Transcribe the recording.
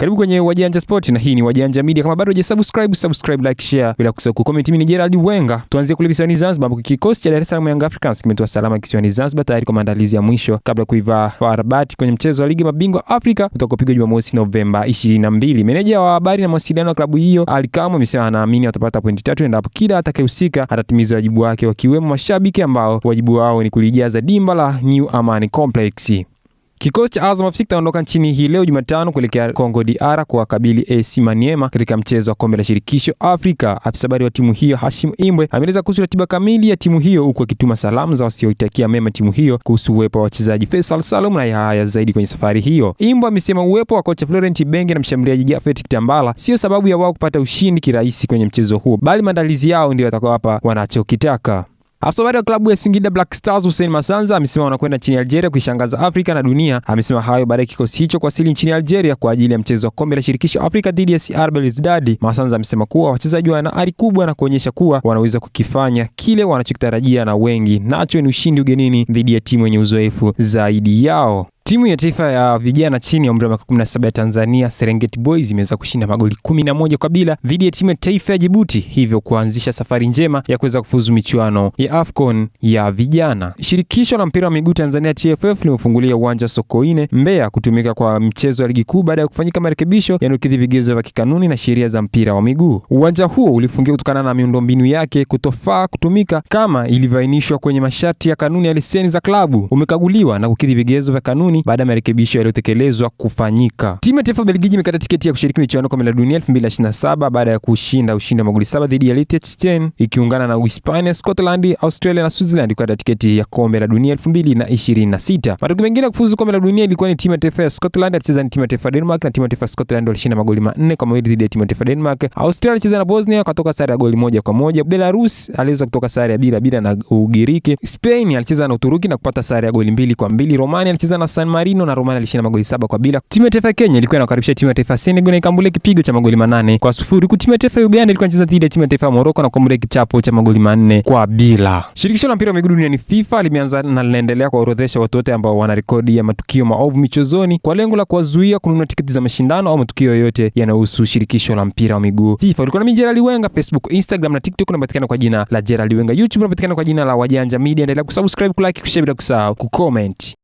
Karibu kwenye Wajanja Sport na hii ni Wajanja Media. Kama bado hujasubscribe, subscribe, like, share bila kusahau kucomment. Mimi ni Gerald Wenga. Tuanzie kule visiwani Zanzibar ambapo kikosi cha Dar es Salaam Young Africans kimetoa salama kisiwani Zanzibar tayari kwa maandalizi ya mwisho kabla kuivaa Farabat kwenye mchezo wa ligi mabingwa Afrika utakaopigwa Jumamosi Novemba 22. Meneja wa habari na mawasiliano wa klabu hiyo Ali Kamwe amesema anaamini watapata pointi tatu endapo kila atakayehusika atatimiza wajibu wake, wakiwemo mashabiki ambao wajibu wao ni kulijaza dimba la New Amani Complex. Kikosi cha Azam FC kitaondoka nchini hii leo Jumatano kuelekea Kongo DR kuwakabili AC Maniema katika mchezo wa kombe la shirikisho Afrika. Afisa habari wa timu hiyo Hashim Imbwe ameeleza kuhusu ratiba kamili ya timu hiyo huku akituma salamu za wasioitakia mema timu hiyo kuhusu uwepo wa wachezaji Faisal Salum na Yahaya zaidi kwenye safari hiyo. Imbwe amesema uwepo wa kocha Florent Benge na mshambuliaji Jafet Kitambala sio sababu ya wao kupata ushindi kirahisi kwenye mchezo huo, bali maandalizi yao ndio yatakawapa wanachokitaka. Afisa habari wa klabu ya Singida Black Stars Hussein Masanza amesema wanakwenda nchini Algeria kuishangaza Afrika na dunia. Amesema hayo baada ya kikosi hicho kuwasili nchini Algeria kwa ajili ya mchezo wa kombe la shirikisho Afrika dhidi ya CR Belouizdad. Masanza amesema kuwa wachezaji wana ari kubwa na kuonyesha kuwa wanaweza kukifanya kile wanachokitarajia, na wengi nacho ni ushindi ugenini dhidi ya timu yenye uzoefu zaidi yao. Timu ya taifa ya vijana chini ya umri wa miaka 17 ya Tanzania Serengeti Boys imeweza kushinda magoli 11 kwa bila dhidi ya timu ya taifa ya Djibouti, hivyo kuanzisha safari njema ya kuweza kufuzu michuano ya AFCON ya vijana. Shirikisho la mpira wa miguu Tanzania TFF limefungulia uwanja Sokoine Mbeya kutumika kwa mchezo wa ligi kuu baada ya kufanyika marekebisho yanayokidhi vigezo vya kikanuni na sheria za mpira wa miguu. Uwanja huo ulifungiwa kutokana na miundombinu yake kutofaa kutumika kama ilivyoainishwa kwenye masharti ya kanuni ya leseni za klabu, umekaguliwa na kukidhi vigezo vya kanuni Ujerumani baada ya marekebisho yaliyotekelezwa kufanyika. Timu ya taifa Ubelgiji imekata tiketi ya kushiriki michuano kombe la dunia 2027 baada ya kushinda ushindi wa magoli saba dhidi ya Liechtenstein ikiungana na Uhispania, Scotland, Australia na Switzerland kukata tiketi ya kombe la dunia 2026. Matokeo mengine ya kufuzu kombe la dunia ilikuwa ni timu ya taifa ya Scotland alicheza na timu ya taifa ya Denmark na timu ya taifa ya Scotland walishinda magoli manne kwa mawili dhidi ya timu ya taifa ya Denmark. Australia alicheza na Bosnia wakatoka sare ya goli moja kwa moja. Belarus aliweza kutoka sare ya bila bila na Ugiriki. Spain alicheza na Uturuki na kupata sare ya goli mbili kwa mbili. Romania alicheza na San San Marino na Romania alishinda magoli saba kwa bila. Timu ya taifa ya Kenya ilikuwa inakaribisha timu ya taifa ya Senegal na ikambulia kipigo cha magoli manane kwa sufuri, huku timu ya taifa ya Uganda ilikuwa inacheza dhidi ya timu ya taifa ya Morocco na kuambulia kichapo cha magoli manne kwa bila. Shirikisho la mpira wa miguu duniani FIFA limeanza na linaendelea kuwaorodhesha watu wote ambao wana rekodi ya matukio maovu michezoni kwa lengo la kuwazuia kununua tiketi za mashindano au matukio yoyote yanayohusu shirikisho la mpira wa miguu FIFA. Ulikuwa nami jerali Wenga, Facebook, Instagram na TikTok unapatikana kwa jina la jerali Wenga, YouTube unapatikana kwa jina la Wajanja Media. Endelea kusubscribe, kulike, kushare bila kusahau kucomment.